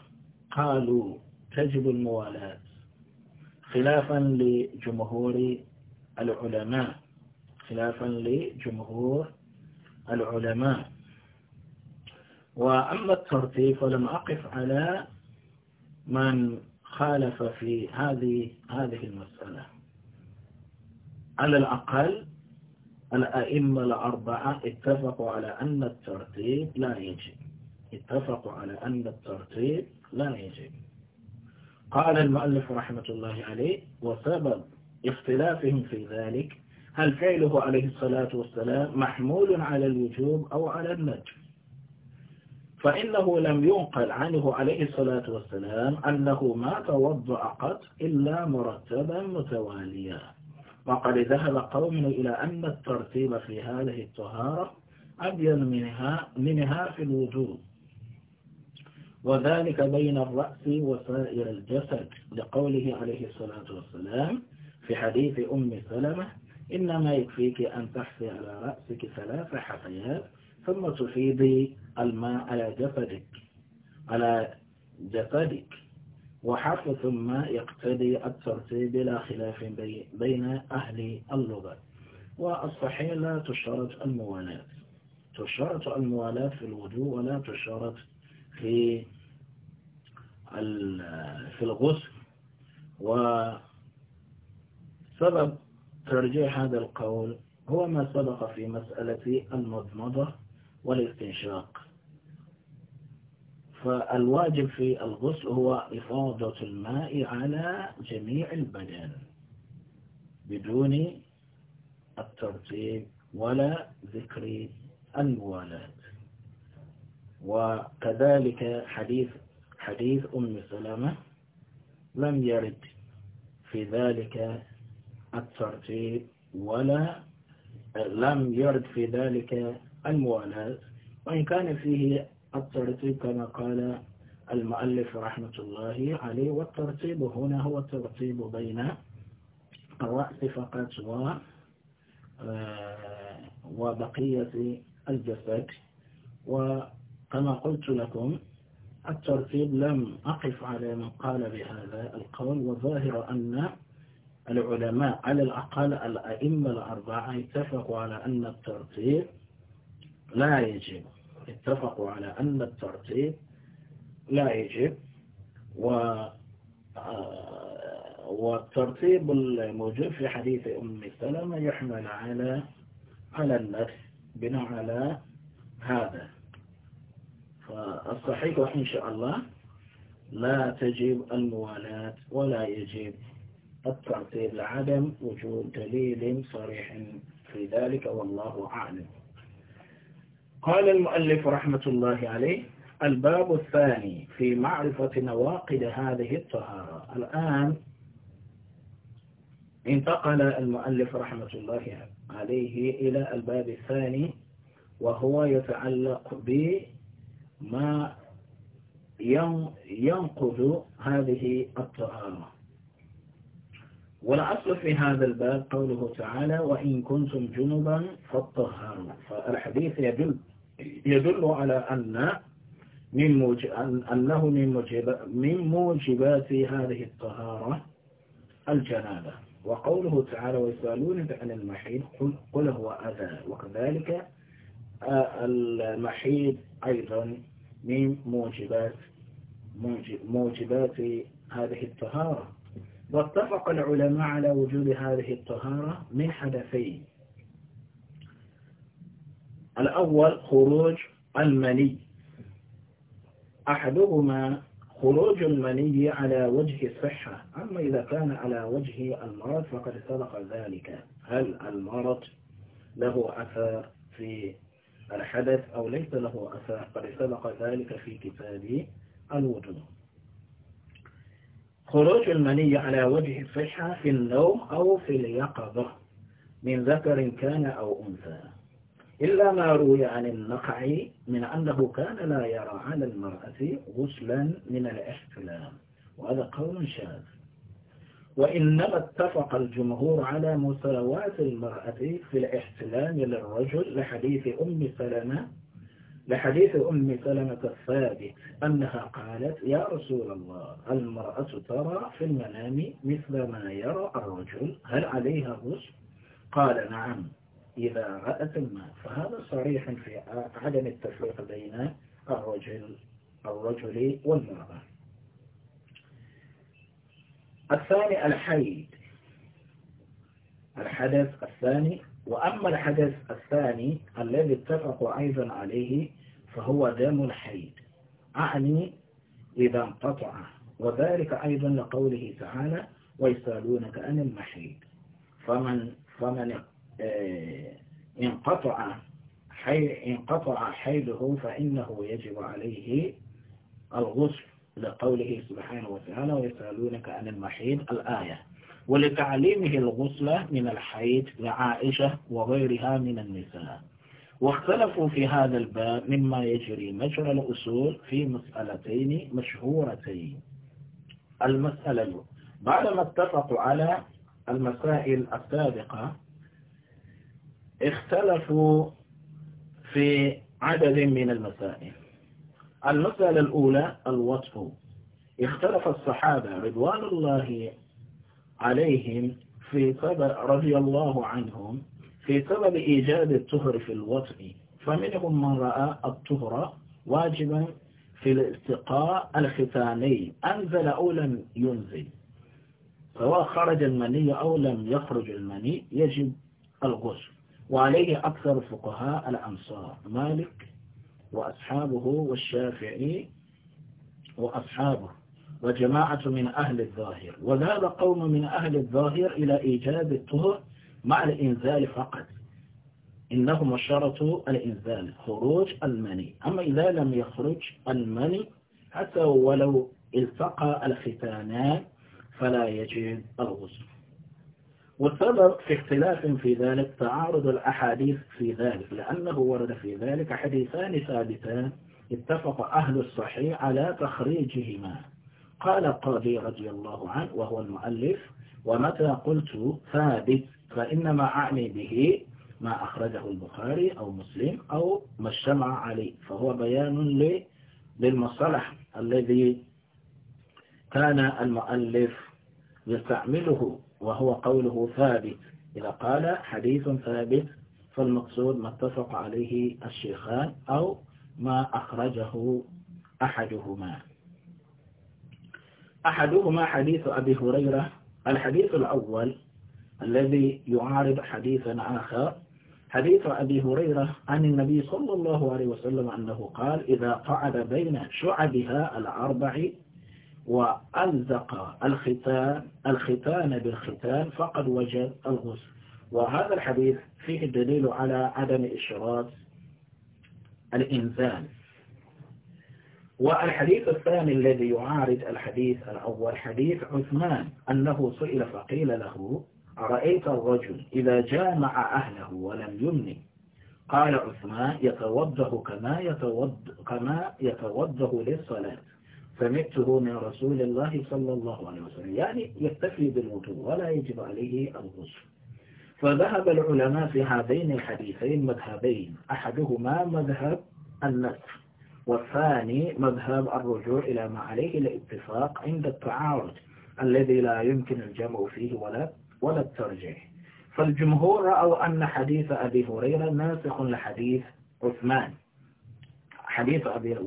قالوا تجب الموالاة خلافا لجمهور العلماء خلافا لجمهور العلماء وأما الترتيب فلم أقف على من خالف في هذه هذه المسألة على الأقل الأئمة الأربعة اتفقوا على أن الترتيب لا يجب اتفقوا على أن الترتيب لا يجب قال المؤلف رحمة الله عليه وسبب اختلافهم في ذلك هل فعله عليه الصلاة والسلام محمول على الوجوب أو على النجم فإنه لم ينقل عنه عليه الصلاة والسلام أنه ما توضأ قط إلا مرتبا متواليا وقد ذهب قوم إلى أن الترتيب في هذه الطهارة أبين منها, منها في الوجوب وذلك بين الرأس وسائر الجسد لقوله عليه الصلاة والسلام في حديث أم سلمة إنما يكفيك أن تحفي على رأسك ثلاث حفيات ثم تفيضي الماء على جسدك على جسدك وحفظ ثم يقتدي الترتيب لا خلاف بين أهل اللغة والصحيح لا تشترط الموالاة تشترط الموالاة في الوجوء ولا تشترط في في الغسل وسبب ترجيح هذا القول هو ما سبق في مسألة المضمضة والاستنشاق فالواجب في الغسل هو إفاضة الماء على جميع البدن بدون الترتيب ولا ذكر الموالاة وكذلك حديث حديث أم سلمة لم يرد في ذلك الترتيب ولا لم يرد في ذلك الموالاة وإن كان فيه الترتيب كما قال المؤلف رحمة الله عليه والترتيب هنا هو الترتيب بين الرأس فقط و آه، وبقية الجسد وكما قلت لكم الترتيب لم أقف على من قال بهذا القول وظاهر أن العلماء على الأقل الأئمة الأربعة اتفقوا على أن الترتيب لا يجب اتفقوا على أن الترتيب لا يجب و آه، والترتيب الموجود في حديث أم سلمة يحمل على على النفس بناء على هذا فالصحيح إن شاء الله لا تجب الموالاة ولا يجب التعطيل لعدم وجود دليل صريح في ذلك والله أعلم قال المؤلف رحمة الله عليه الباب الثاني في معرفة نواقد هذه الطهارة الآن انتقل المؤلف رحمة الله عليه إلى الباب الثاني وهو يتعلق بما ينقذ هذه الطهارة والأصل في هذا الباب قوله تعالى وإن كنتم جنبا فاطهروا فالحديث يدل يدل على أن من أنه من, موجب من موجبات هذه الطهارة الجنابة وقوله تعالى ويسألونك عن المحيط قل هو أذى وكذلك آه، المحيط أيضا من موجبات موجبات هذه الطهارة واتفق العلماء على وجود هذه الطهارة من حدثين الأول خروج المني أحدهما خروج المني على وجه الصحة أما إذا كان على وجه المرض فقد سبق ذلك هل المرض له أثر في الحدث أو ليس له أثر قد سبق ذلك في كتاب الوجود خروج المني على وجه الصحة في النوم أو في اليقظة من ذكر كان أو أنثى إلا ما روي عن النقع من أنه كان لا يرى على المرأة غسلا من الاحتلام وهذا قول شاذ وإنما اتفق الجمهور على مساواة المرأة في الاحتلام للرجل لحديث أم سلمة لحديث أم سلمة الثابت أنها قالت يا رسول الله المرأة ترى في المنام مثل ما يرى الرجل هل عليها غسل قال نعم إذا رأت الماء فهذا صريح في عدم التفريق بين الرجل الرجل والمرأة الثاني الحيد الحدث الثاني وأما الحدث الثاني الذي اتفقوا أيضا عليه فهو دم الحيد أعني إذا انقطع وذلك أيضا لقوله تعالى ويسألونك عن المحيد فمن فمن آه، انقطع حي انقطع حيده فإنه يجب عليه الغسل لقوله سبحانه وتعالى ويسألونك عن المحيض الآية ولتعليمه الغسلة من الحيض لعائشة وغيرها من النساء واختلفوا في هذا الباب مما يجري مجرى الأصول في مسألتين مشهورتين المسألة بعدما اتفقوا على المسائل السابقة اختلفوا في عدد من المسائل المسألة الأولى الوطف اختلف الصحابة رضوان الله عليهم في سبب رضي الله عنهم في سبب إيجاد الطهر في الوطن فمنهم من رأى الطهر واجبا في الاستقاء الختاني أنزل أو لم ينزل سواء خرج المني أو لم يخرج المني يجب الغسل وعليه أكثر فقهاء الأمصار مالك وأصحابه والشافعي وأصحابه وجماعة من أهل الظاهر وذهب قوم من أهل الظاهر إلى إيجاب الطهر مع الإنزال فقط إنهم شرطوا الإنزال خروج المني أما إذا لم يخرج المني حتى ولو التقى الختانان فلا يجب الغزو والسبب في اختلاف في ذلك تعارض الأحاديث في ذلك لأنه ورد في ذلك حديثان ثابتان اتفق أهل الصحيح على تخريجهما قال الطبي رضي الله عنه وهو المؤلف ومتى قلت ثابت فإنما أعني به ما أخرجه البخاري أو مسلم أو ما اجتمع عليه فهو بيان للمصطلح الذي كان المؤلف يستعمله وهو قوله ثابت إذا قال حديث ثابت فالمقصود ما اتفق عليه الشيخان أو ما أخرجه أحدهما أحدهما حديث أبي هريرة الحديث الأول الذي يعارض حديثا آخر حديث أبي هريرة عن النبي صلى الله عليه وسلم أنه قال إذا قعد بين شعبها الأربع وألزق الختان الختان بالختان فقد وجد الغسل وهذا الحديث فيه الدليل على عدم إشراط الإنسان والحديث الثاني الذي يعارض الحديث الأول حديث عثمان أنه سئل فقيل له أرأيت الرجل إذا جامع أهله ولم يمني قال عثمان يتوضه كما يتوض كما يتوضه للصلاة سمعته من رسول الله صلى الله عليه وسلم يعني يكتفي بالوضوء ولا يجب عليه الغسل فذهب العلماء في هذين الحديثين مذهبين أحدهما مذهب النسخ والثاني مذهب الرجوع إلى ما عليه الاتفاق عند التعارض الذي لا يمكن الجمع فيه ولا ولا الترجيح فالجمهور رأوا أن حديث أبي هريرة ناسخ لحديث عثمان حديث أبي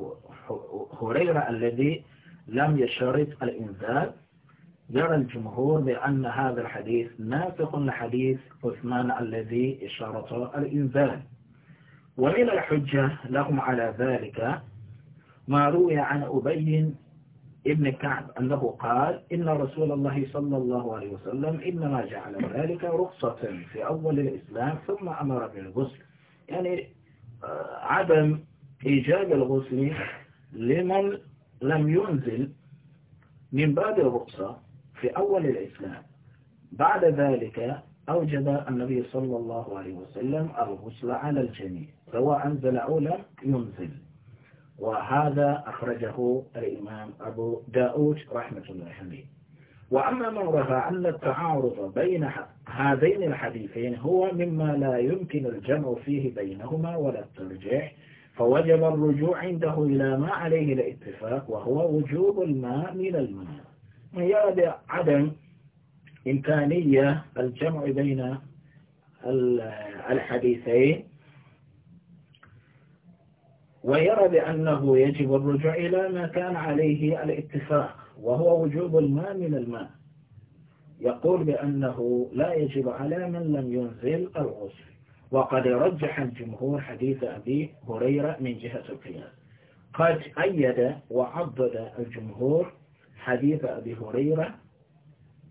هريرة الذي لم يشرط الإنزال يرى الجمهور بأن هذا الحديث ناسخ لحديث عثمان الذي اشترط الإنزال ومن الحجة لهم على ذلك ما روي عن أبي ابن كعب أنه قال إن رسول الله صلى الله عليه وسلم إنما جعل ذلك رخصة في أول الإسلام ثم أمر بالغسل يعني آه، عدم إيجاب الغسل لمن لم ينزل من باب الرخصة في أول الإسلام بعد ذلك أوجب النبي صلى الله عليه وسلم الغسل على الجميع سواء أنزل أو لم ينزل وهذا أخرجه الإمام أبو داود رحمة الله عليه وأما من رفع أن التعارض بين هذين الحديثين هو مما لا يمكن الجمع فيه بينهما ولا الترجيح فوجب الرجوع عنده إلى ما عليه الاتفاق وهو وجوب الماء من الماء من يرى بعدم إمكانية الجمع بين الحديثين ويرى بأنه يجب الرجوع إلى ما كان عليه الاتفاق وهو وجوب الماء من الماء يقول بأنه لا يجب على من لم ينزل الغسل وقد رجح الجمهور حديث أبي هريرة من جهة القياس قد أيد وعضد الجمهور حديث أبي هريرة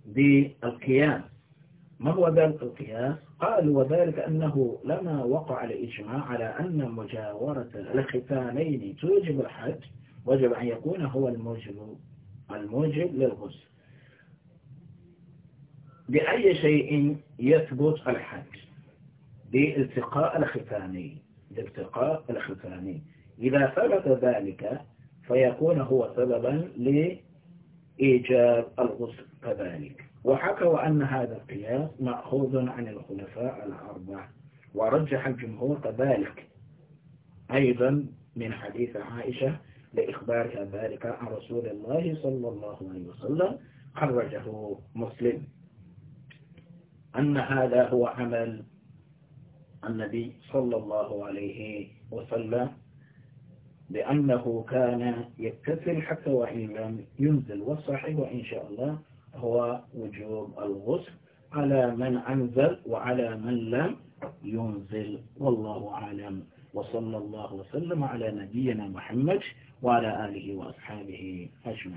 بالقياس ما هو ذلك القياس؟ قالوا وذلك أنه لما وقع الإجماع على أن مجاورة الختانين توجب الحج وجب أن يكون هو الموجب الموجب للغسل بأي شيء يثبت الحج بالتقاء الختانين بالتقاء الختانين إذا ثبت ذلك فيكون هو سببا إيجاب الغسل كذلك وحكوا أن هذا القياس مأخوذ عن الخلفاء الأربعة ورجح الجمهور كذلك أيضا من حديث عائشة لإخبارها ذلك عن رسول الله صلى الله عليه وسلم خرجه مسلم أن هذا هو عمل النبي صلى الله عليه وسلم لأنه كان يكتفل حتى وإن لم ينزل والصحيح إن شاء الله هو وجوب الغسل على من أنزل وعلى من لم ينزل والله أعلم وصلى الله وسلم على نبينا محمد وعلى آله وأصحابه أجمعين